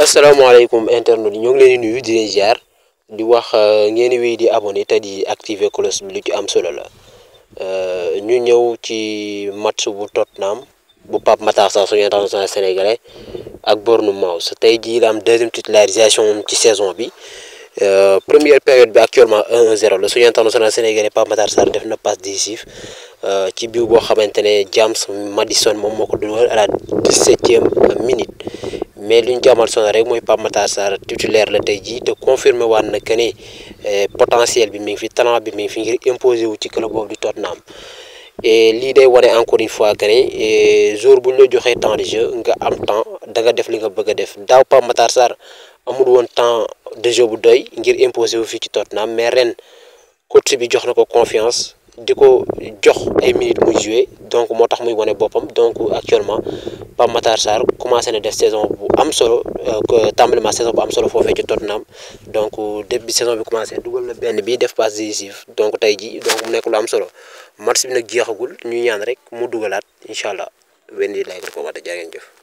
Nous internet yi ngi leen nuyu di ziar di wax euh, di abonné bi lu ci am solo la euh, ñu ñëw ci match bu Tottenham bu Pape Matar suñu international sénégalais ak tay la deuxième titularisation ci saison bi euh, première période bi actuellement 1-0 Le suñu international sénégalais Pape Matar def na passe décisif ci James Maddison à la minute mais lu ñu son rek moy Pape Matar titulaire la tayji jii te confirmer waat na que ni eh, potentiel bi mi fi talent bi mi fi ngir imposer wu ci club boobu di Tottenham et li day wane encore une fois que ni eh, jour bu la joxé temps de jeu nga am temps da nga def li nga bëgg def daw Pape Matar amul won temps de jeu bu doy ngir imposer wu fi ci Tottenham mais ren coach bi jox na confiance. diko jox ay minutes muy joué donc motax muy woné bopam donc actuellement Pape Matar Sarr commencé na def saison am solo euh, tàmbalima saison bu am solo foofee ci Tottenham donc début bi saison bi commencé dugal na benn bi def passe décisive donc tey ji donc mu nekk lu am solo match bi nag jeexagul ñuy ñaan rek mu dugalaat incha allah wenn di lay ko ko wax jaa ngeen jëf